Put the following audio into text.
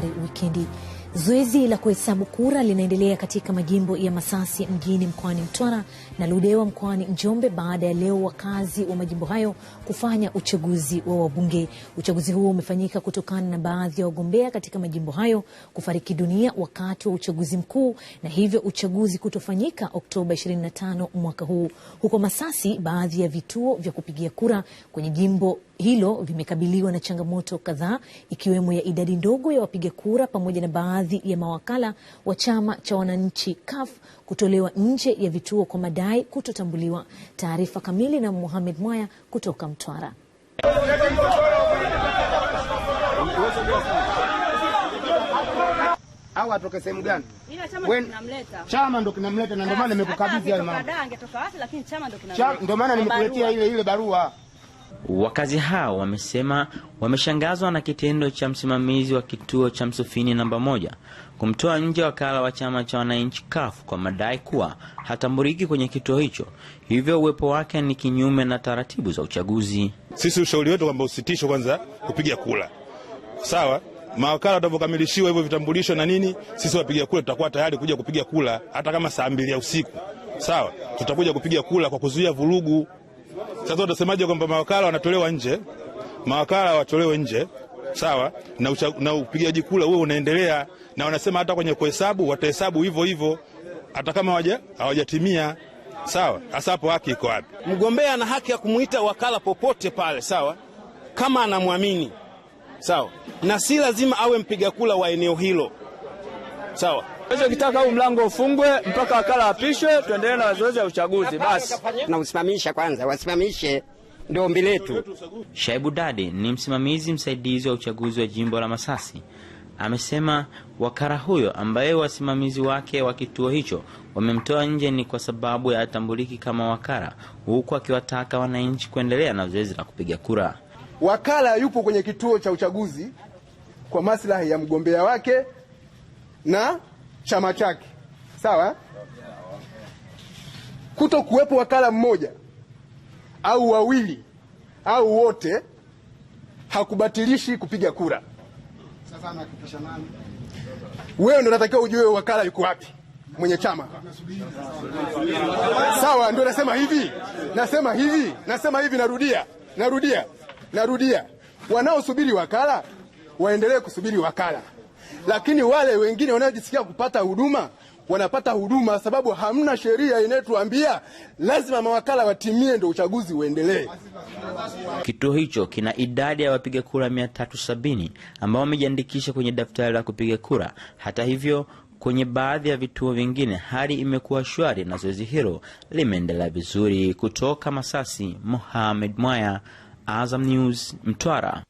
Jumapare wikendi Zoezi la kuhesabu kura linaendelea katika majimbo ya Masasi mjini mkoani Mtwara na Ludewa mkoani Njombe baada ya leo wakazi wa majimbo hayo kufanya uchaguzi wa wabunge. Uchaguzi huo umefanyika kutokana na baadhi ya wagombea katika majimbo hayo kufariki dunia wakati wa uchaguzi mkuu na hivyo uchaguzi kutofanyika Oktoba 25 mwaka huu. Huko Masasi, baadhi ya vituo vya kupigia kura kwenye jimbo hilo vimekabiliwa na changamoto kadhaa ikiwemo ya idadi ndogo ya wapiga kura pamoja na baadhi baadhi ya mawakala wa chama cha wananchi CUF kutolewa nje ya vituo kwa madai kutotambuliwa. Taarifa kamili na Mohamed Mwaya kutoka Mtwara. au atoke sehemu gani? Chama ndo kinamleta, na ndio maana nimekukabidhi hayo mambo, ndio maana nimekuletea ile ile barua Wakazi hao wamesema wameshangazwa na kitendo cha msimamizi wa kituo cha Msufini namba moja kumtoa nje wakala wa chama cha wananchi kafu kwa madai kuwa hatambuliki kwenye kituo hicho, hivyo uwepo wake ni kinyume na taratibu za uchaguzi. Sisi ushauri wetu kwamba usitishwe kwanza kupiga kula, sawa mawakala watakavyokamilishiwa hivyo vitambulisho na nini, sisi wapiga kula tutakuwa tayari kuja kupiga kula, hata kama saa mbili ya usiku, sawa, tutakuja kupiga kula kwa kuzuia vurugu. Sasa utasemaje kwamba mawakala wanatolewa nje, mawakala watolewe nje sawa na, na upigaji kura huo unaendelea, na wanasema hata kwenye kuhesabu watahesabu hivyo hivyo hata kama hawajatimia sawa. Hasa hapo haki iko wapi? Mgombea ana haki ya kumwita wakala popote pale, sawa, kama anamwamini sawa, na si lazima awe mpiga kura wa eneo hilo, sawa. Kesho kitaka huu mlango ufungwe mpaka wakala apishwe, tuendelee na zoezi ya uchaguzi. Basi na usimamisha kwanza, wasimamishe ndio ombi letu. Shaibu Dadi ni msimamizi msaidizi wa uchaguzi wa jimbo la Masasi amesema wakara huyo ambaye wasimamizi wake wa kituo hicho wamemtoa nje ni kwa sababu ya atambuliki kama wakara, huku akiwataka wananchi kuendelea na zoezi la kupiga kura. Wakala yupo kwenye kituo cha uchaguzi kwa maslahi ya mgombea wake na chama chake, sawa. Kuto kuwepo wakala mmoja au wawili au wote hakubatilishi kupiga kura. Wewe ndo natakiwa ujue wakala yuko wapi mwenye chama, sawa? Ndio nasema hivi, nasema hivi, nasema hivi, narudia, narudia, narudia, wanaosubiri wakala waendelee kusubiri wakala lakini wale wengine wanaojisikia kupata huduma wanapata huduma, sababu hamna sheria inayotuambia lazima mawakala watimie ndio uchaguzi uendelee. Kituo hicho kina idadi ya wapiga kura 370 ambao wamejiandikisha kwenye daftari la kupiga kura. Hata hivyo, kwenye baadhi ya vituo vingine hali imekuwa shwari na zoezi hilo limeendelea vizuri. Kutoka Masasi, Mohamed Mwaya, Azam News, Mtwara.